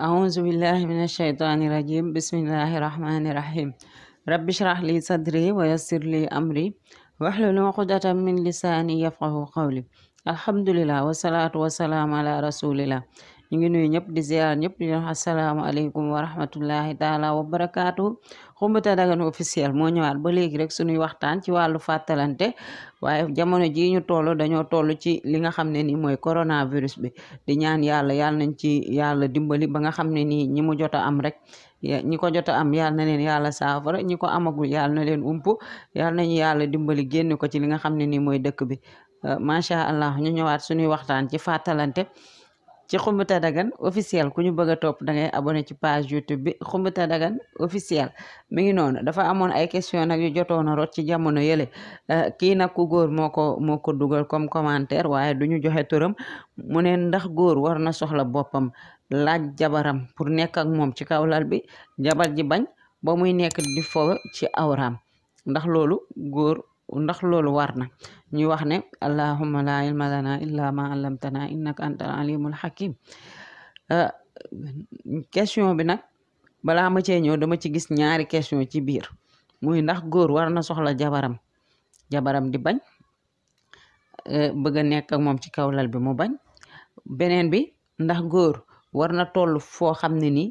أعوذ بالله من الشيطان الرجيم بسم الله الرحمن الرحيم رب اشرح لي صدري ويسر لي أمري واحلل عقدة من لساني يفقه قولي الحمد لله والصلاة والسلام على رسول الله ñu ngi nuyu ñëpp di ziar ñëpp di wax asalaamaaleykum wa rahmatullahi taala wa barakaatu xumbata dagan officiel moo ñëwaat ba léegi rek suñuy waxtaan ci wàllu fàttalante waaye jamono ji ñu toll dañoo toll ci li nga xam ne nii mooy coronavirus bi di ñaan yàlla yàlla nañ ci yàlla dimbali ba nga xam ne nii ñi mu jot a am rek ñi ko jot am yàlla na leen yàlla saafara ñi ko amagul yàlla na leen ump yàlla nañu yàlla dimbali génn ko ci li nga xam ne nii mooy dëkk bi macha allah ñu ñëwaat suñuy waxtaan ci fàttalante ci Khoumba dagan officiel ku ñu bëgg a topp da ngay abonné ci page YouTube bi Khoumba Dagane officiel mi ngi noonu dafa amoon ay question nag yu jotoon a ci jamono yële eh, kii nag ku góor moo ko moo ko dugal comme commentaire waaye du ñu joxe turam mu ne ndax góor war na soxla boppam laaj jabaram pour nekk ak moom ci kaw lal bi jabar ji bañ ba muy nekk di fo ci awraam ndax loolu góor ndax loolu war na ñu wax ne allahumma la ilma lana illa ma allamtana innaka antal alimul hakim euh, question bi nag balaa ma cee ñëw dama ci gis ñaari question ci biir muy ndax góor war na soxla jabaram jabaram di bañ euh, bëgg a nekk ak moom ci kaw lal bi mu bañ beneen bi ndax góor war na toll foo xam ne ni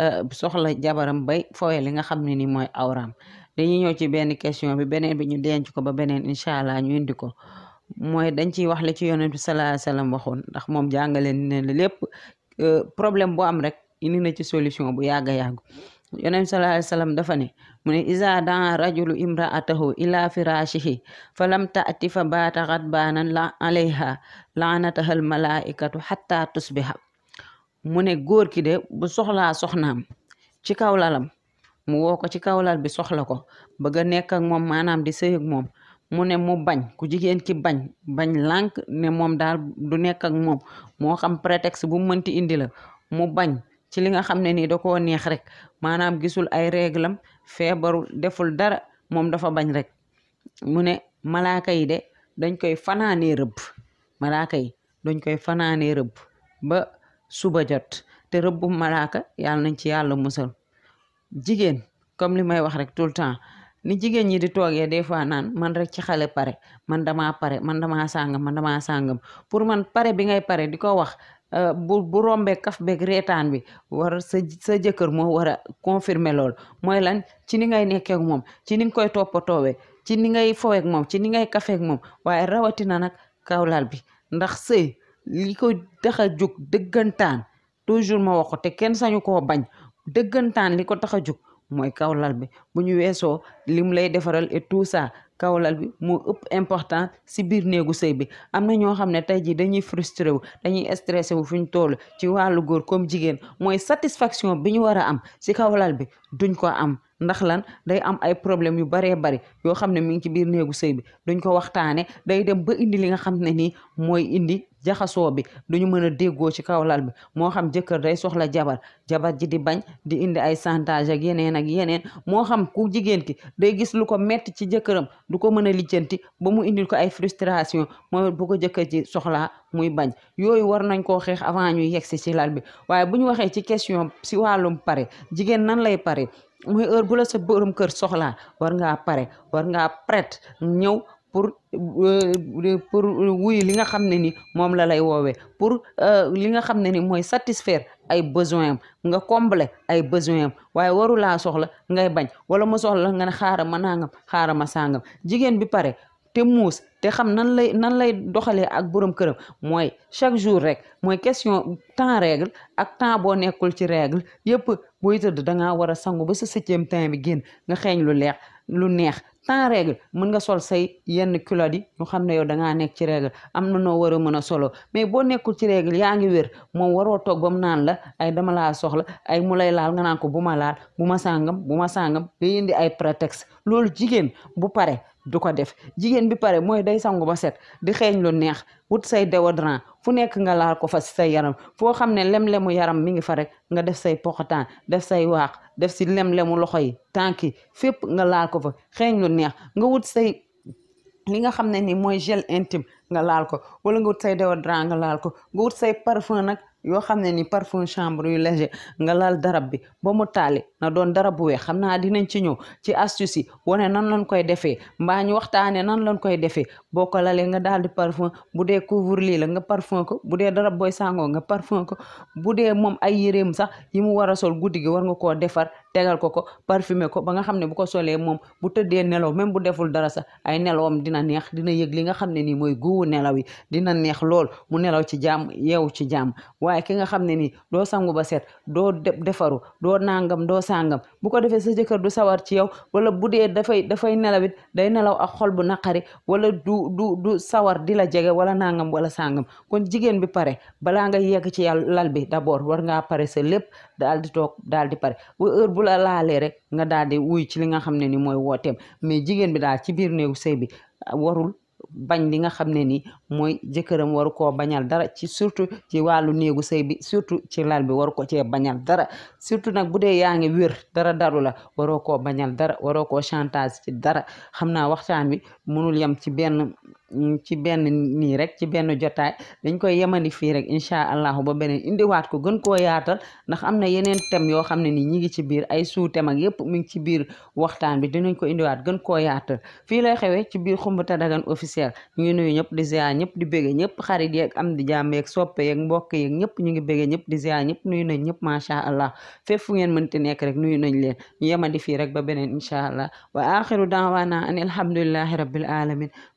euh, soxla jabaram bay fooye li nga xam ne ni mooy awram dañuy ñëw ci benn question bi beneen bi ñu denc ko ba beneen incha allah ñu indi ko mooy dañ ciy wax la ci yonent bi salaa salaam waxoon ndax moom jàngale ne lépp euh, problème bu am rek indi ci solution bu yàgg a yàgg yonent bi dafa ne mu ne isa daa rajulu imraatahu ila firashihi fa lam taati fa baata xadbaanan la alayha laanatahal malaikatu xatta tusbiha mu ne góor ki de bu soxlaa soxnaam ci kaw lalam mu woo ko ci kaw lal bi soxla ko bëgg a nekk ak moom maanaam di sëy ak moom mu ne mu bañ ku jigéen ki bañ bañ lànk ne moom daal du nekk ak moom moo xam prétexte bu mu mënti indi la mu bañ ci li nga xam ne nii da koo neex rek maanaam gisul ay réglam feebarul deful dara moom dafa bañ rek mu ne malaaka yi de dañ koy fanaanee rëbb malaaka yi dañ koy fanaanee rëbb ba suba jot te rëbbu malaaka yàlla nañ ci yàlla musal jigéen comme li may wax rek tout le temps ni jigéen ñi di toogee des fois naan man rek ci xale pare man damaa pare man damaa sàngam man dama sàngam pour man pare bi ngay pare di ko wax euh, bu bu rombee kaf beeg reetaan bi war sa sa jëkkër moo war a confirmer lool mooy lan ci ni ngay nekkeek moom ci ni nga koy toppatoowee ci ni ngay fowee moom ci ni ngay kafee moom waaye rawatina nag kawlal bi ndax sëy li ko tax a jóg dëggantaan toujours ma wax te kenn sañu ko bañ dëggantaan li ko tax a jóg mooy kawlal bi bu ñu weesoo lim lay defaral et tout ça kawlal bi moo ëpp important si biir néegu sëy bi am na ñoo xam ne tey jii dañuy frustré wu dañuy stressé wu fu ñu toll ci wàllu góor comme jigéen mooy satisfaction bi ñu war a am si kawlal bi duñ ko am ndax lan day am ay problème yu baree bari yoo xam ne mi ngi ci biir néegu sëy bi duñ ko waxtaane day dem ba indi li nga xam ne nii mooy indi jaxasoo bi duñu mën a déggoo ci kaw lal bi moo xam jëkkër day soxla jabar jabar ji di bañ di indi ay chantage ak yeneen ak yeneen moo xam ku jigéen ki day gis lu ko metti ci jëkkëram du ko mën a lijjanti ba mu indil ko ay frustration mooy bu ko jëkkër ji soxlaa muy bañ yooyu war nañ ko xeex avant ñuy yegsi ci lal bi waaye bu ñu waxee ci question si wàllum pare jigéen nan lay pare mooy heure bu la sa borom kër soxlaa war ngaa pare war ngaa prête ñëw pour euh, euh, pour wuyu li nga xam ne ni moom la lay woowee pour euh, li nga xam ne ni mooy satisfaire ay besoin nga combler ay besoin am waaye waru laa soxla ngay bañ wala mu soxla nga ne xaara ma nangam xaara ma sàngam jigéen bi pare te muus te xam nan lay nan lay doxalee ak borom këram mooy chaque jour rek mooy question temps règle ak temps boo nekkul ci règle yépp booy tëdd dangaa war a sangu ba sa septième temps bi génn nga xeeñ lu leex lu neex temps règle mën nga sol say yenn culotte yi ñu xam ne yow dangaa nekk ci règle am na noo war a mën a solo mais boo nekkul ci règle yaa ngi wér moom waroo toog naan la ay dama laa soxla ay mu lay laal nga naan ko bu ma laal bu ma sàngam bu ma sàngam day indi ay prétexte loolu jigéen bu pare du ko def jigéen bi pare mooy day sangu ba set di xeeñ lu neex wut say déodorant fu nekk nga laal ko fa si say yaram foo xam ne lem-lemu yaram mi ngi fa rek nga def say poxataan def say waax def si lem-lemu loxo yi tànk yi fépp nga laal ko fa xeeñ lu neex nga wut say li nga xam ne ni mooy gel intime nga laal ko wala nga wut say déodorant nga laal ko nga wut say parfum nag yoo xam ne nii parfum chambre yu léger nga laal darab bi ba mu taali na doon darab bu weex xam naa dinañ ci ñëw ci astuce yi wane nan lañ koy defee mbaa ñu waxtaane nan lañ koy defee boo ko lalee nga daal di parfum bu dee couvre-lit la nga parfum ko bu dee dara booy sàngoo nga parfum ko bu dee moom ay yéreem sax yi mu war a sol guddi gi war nga koo defar tegal ko ko parfumé ko ba nga xam ne bu ko solee moom bu tëddee nelaw même bu deful dara sax ay nelawam dina neex dina yëg li nga xam ne nii mooy guuwu nelaw yi dina neex lool mu nelaw ci jàmm yeewu ci jàmm waaye ki nga xam ne nii doo sangu ba set doo defaru doo nangam doo sangam bu ko defee sa jëkkër du sawar ci yow wala bu dee dafay dafay nelawit day nelaw ak xol bu naqari wala du du du sawar di la jege wala nangam wala sangam kon jigéen bi pare balaa nga yegg ci yàlla lal bi d'abord war ngaa pare sa lépp dal di toog daal di pare bu heure bu la laalee rek nga daal di wuy ci li nga xam ne ni mooy wooteem mais jigéen bi daal ci biir néegu sëy bi warul bañ li nga xam ne ni mooy jëkkëram waru koo bañal dara ci surtout ci wàllu néegu sëy bi surtout ci lal bi waru ko cee bañal dara surtout nag bu dee yaa ngi wér dara daru la waroo koo bañal dara waroo koo chantage ci dara xam naa waxtaan bi mënul yem ci benn Mm, ci benn nii rek ci benn jotaay dañ koy yemani fii rek incha allahu ba beneen indiwaat ko gën koo yaatal ndax am na yeneen thème yoo xam ne ni ñi ngi ci biir ay sous-thème ak yépp mi ngi ci biir waxtaan bi dinañ ko indiwaat gën koo yaatal fii lay xewee ci biir Xumbuta Dagan officiel ñu ngi nuyu ñëpp di ziar ñëpp di bége ñëpp xarit yeeg am di jàmm yeeg soppe yeeg mbokk yeeg ñëpp ñu ngi bége ñëpp di ziar ñëpp nuyu nañ ñëpp macha allah fépp fu ngeen mënti nekk rek nuyu nañ leen ñu yemandi fii rek ba beneen incha allah wa